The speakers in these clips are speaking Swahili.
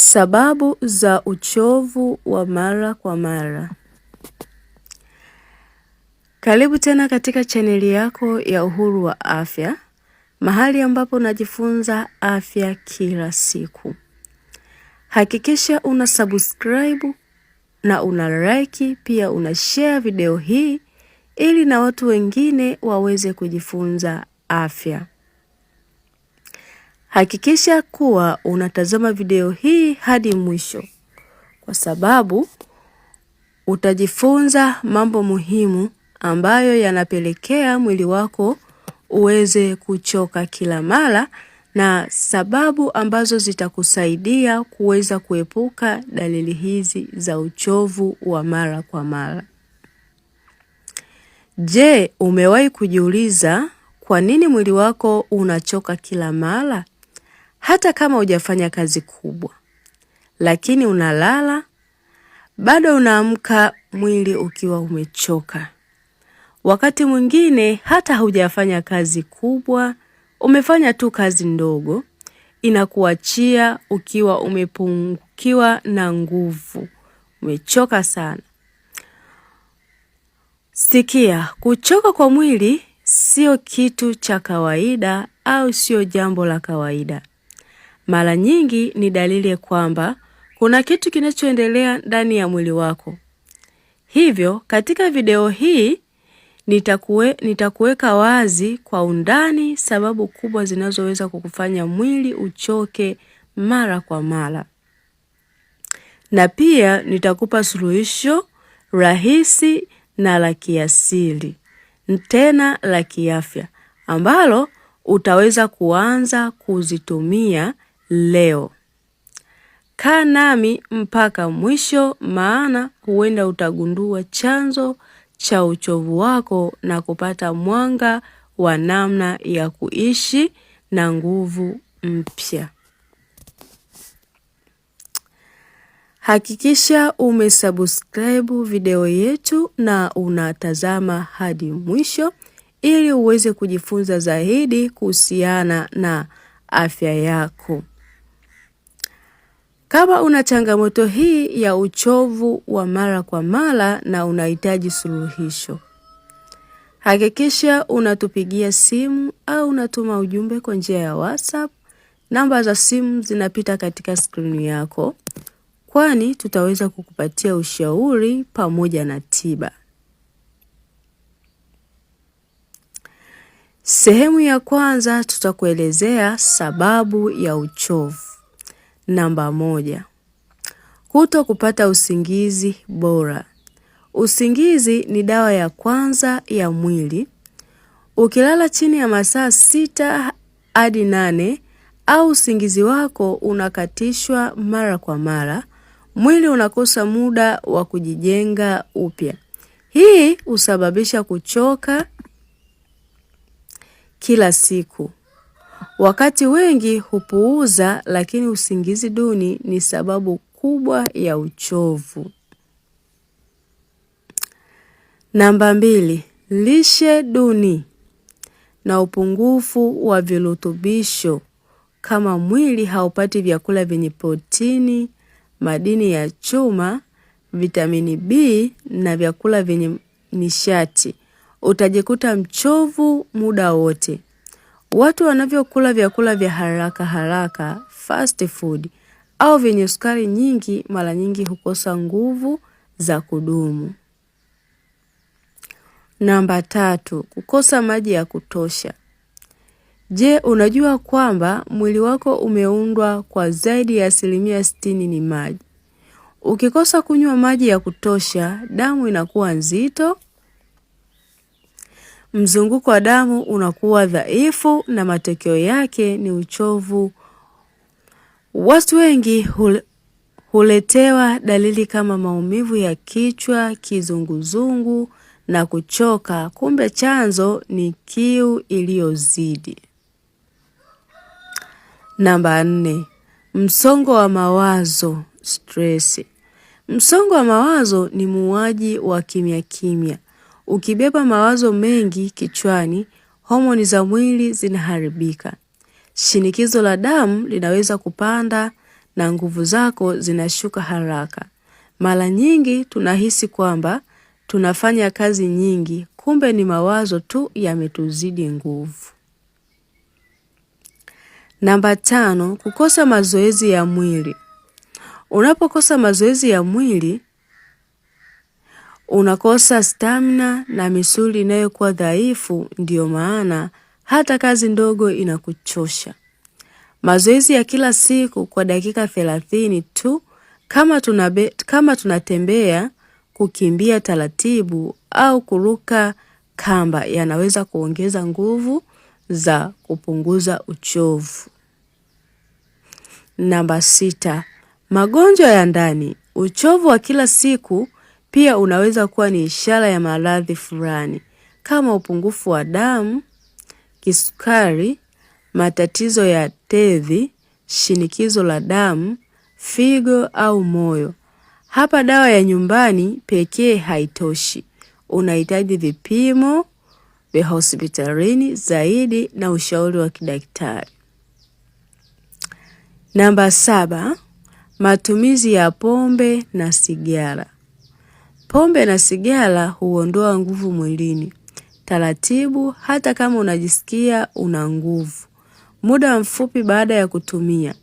Sababu za uchovu wa mara kwa mara. Karibu tena katika chaneli yako ya Uhuru wa Afya, mahali ambapo unajifunza afya kila siku. Hakikisha una subscribe na una like, pia una share video hii ili na watu wengine waweze kujifunza afya. Hakikisha kuwa unatazama video hii hadi mwisho kwa sababu utajifunza mambo muhimu ambayo yanapelekea mwili wako uweze kuchoka kila mara na sababu ambazo zitakusaidia kuweza kuepuka dalili hizi za uchovu wa mara kwa mara. Je, umewahi kujiuliza kwa nini mwili wako unachoka kila mara? hata kama hujafanya kazi kubwa, lakini unalala bado unaamka mwili ukiwa umechoka. Wakati mwingine hata hujafanya kazi kubwa, umefanya tu kazi ndogo, inakuachia ukiwa umepungukiwa na nguvu, umechoka sana. Sikia, kuchoka kwa mwili sio kitu cha kawaida au sio jambo la kawaida mara nyingi ni dalili ya kwamba kuna kitu kinachoendelea ndani ya mwili wako. Hivyo katika video hii nitakuwe, nitakuweka wazi kwa undani sababu kubwa zinazoweza kukufanya mwili uchoke mara kwa mara, na pia nitakupa suluhisho rahisi na la kiasili tena la kiafya ambalo utaweza kuanza kuzitumia leo. Kaa nami mpaka mwisho, maana huenda utagundua chanzo cha uchovu wako na kupata mwanga wa namna ya kuishi na nguvu mpya. Hakikisha umesubscribe video yetu na unatazama hadi mwisho ili uweze kujifunza zaidi kuhusiana na afya yako. Kama una changamoto hii ya uchovu wa mara kwa mara na unahitaji suluhisho, hakikisha unatupigia simu au unatuma ujumbe kwa njia ya WhatsApp. Namba za simu zinapita katika skrini yako, kwani tutaweza kukupatia ushauri pamoja na tiba. Sehemu ya kwanza tutakuelezea sababu ya uchovu. Namba moja, kuto kupata usingizi bora. Usingizi ni dawa ya kwanza ya mwili. Ukilala chini ya masaa sita hadi nane au usingizi wako unakatishwa mara kwa mara, mwili unakosa muda wa kujijenga upya. Hii husababisha kuchoka kila siku. Wakati wengi hupuuza, lakini usingizi duni ni sababu kubwa ya uchovu. Namba mbili, lishe duni na upungufu wa virutubisho kama mwili haupati vyakula vyenye protini, madini ya chuma, vitamini B na vyakula vyenye nishati, utajikuta mchovu muda wote. Watu wanavyokula vyakula vya haraka haraka fast food au vyenye sukari nyingi mara nyingi hukosa nguvu za kudumu. Namba tatu, kukosa maji ya kutosha. Je, unajua kwamba mwili wako umeundwa kwa zaidi ya asilimia sitini ni maji? Ukikosa kunywa maji ya kutosha, damu inakuwa nzito, Mzunguko wa damu unakuwa dhaifu na matokeo yake ni uchovu. Watu wengi huletewa dalili kama maumivu ya kichwa, kizunguzungu na kuchoka, kumbe chanzo ni kiu iliyozidi. Namba nne, msongo wa mawazo stress. Msongo wa mawazo ni muuaji wa kimya kimya. Ukibeba mawazo mengi kichwani, homoni za mwili zinaharibika, shinikizo la damu linaweza kupanda na nguvu zako zinashuka haraka. Mara nyingi tunahisi kwamba tunafanya kazi nyingi, kumbe ni mawazo tu yametuzidi nguvu. Namba tano, kukosa mazoezi ya mwili. Unapokosa mazoezi ya mwili, unakosa stamina na misuli inayokuwa dhaifu, ndiyo maana hata kazi ndogo inakuchosha. Mazoezi ya kila siku kwa dakika thelathini tu, kama tunabe, kama tunatembea, kukimbia taratibu au kuruka kamba, yanaweza kuongeza nguvu za kupunguza uchovu. Namba sita, magonjwa ya ndani. Uchovu wa kila siku pia unaweza kuwa ni ishara ya maradhi fulani kama upungufu wa damu, kisukari, matatizo ya tezi, shinikizo la damu, figo au moyo. Hapa dawa ya nyumbani pekee haitoshi. Unahitaji vipimo vya hospitalini zaidi na ushauri wa kidaktari. Namba saba, matumizi ya pombe na sigara. Pombe na sigara huondoa nguvu mwilini taratibu, hata kama unajisikia una nguvu muda mfupi baada ya kutumia.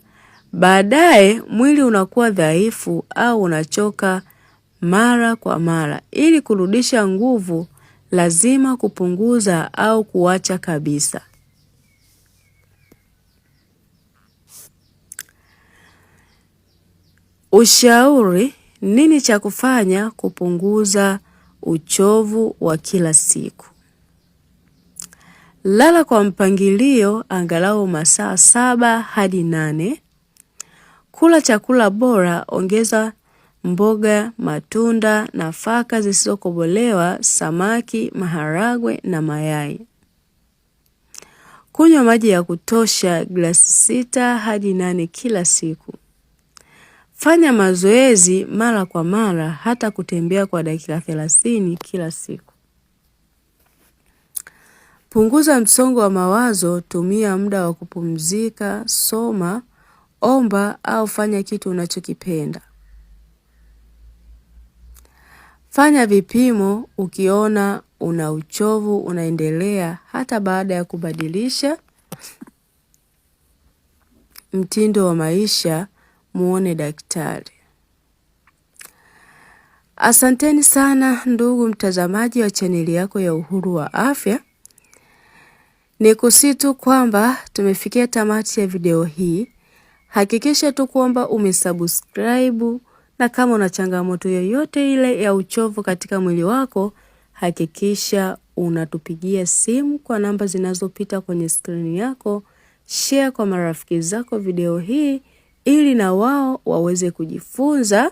Baadaye mwili unakuwa dhaifu au unachoka mara kwa mara. Ili kurudisha nguvu, lazima kupunguza au kuacha kabisa. Ushauri nini cha kufanya kupunguza uchovu wa kila siku? Lala kwa mpangilio angalau masaa saba hadi nane. Kula chakula bora, ongeza mboga, matunda, nafaka zisizokobolewa, samaki, maharagwe na mayai. Kunywa maji ya kutosha glasi sita hadi nane kila siku. Fanya mazoezi mara kwa mara hata kutembea kwa dakika thelathini kila siku. Punguza msongo wa mawazo, tumia muda wa kupumzika, soma, omba au fanya kitu unachokipenda. Fanya vipimo ukiona una uchovu unaendelea hata baada ya kubadilisha mtindo wa maisha muone daktari. Asanteni sana ndugu mtazamaji wa chaneli yako ya Uhuru wa Afya. Ni kusi tu kwamba tumefikia tamati ya video hii. Hakikisha tu kwamba umesubscribe, na kama una changamoto yoyote ile ya uchovu katika mwili wako, hakikisha unatupigia simu kwa namba zinazopita kwenye skrini yako. Share kwa marafiki zako video hii ili na wao waweze kujifunza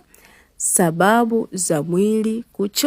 sababu za mwili kuchoka.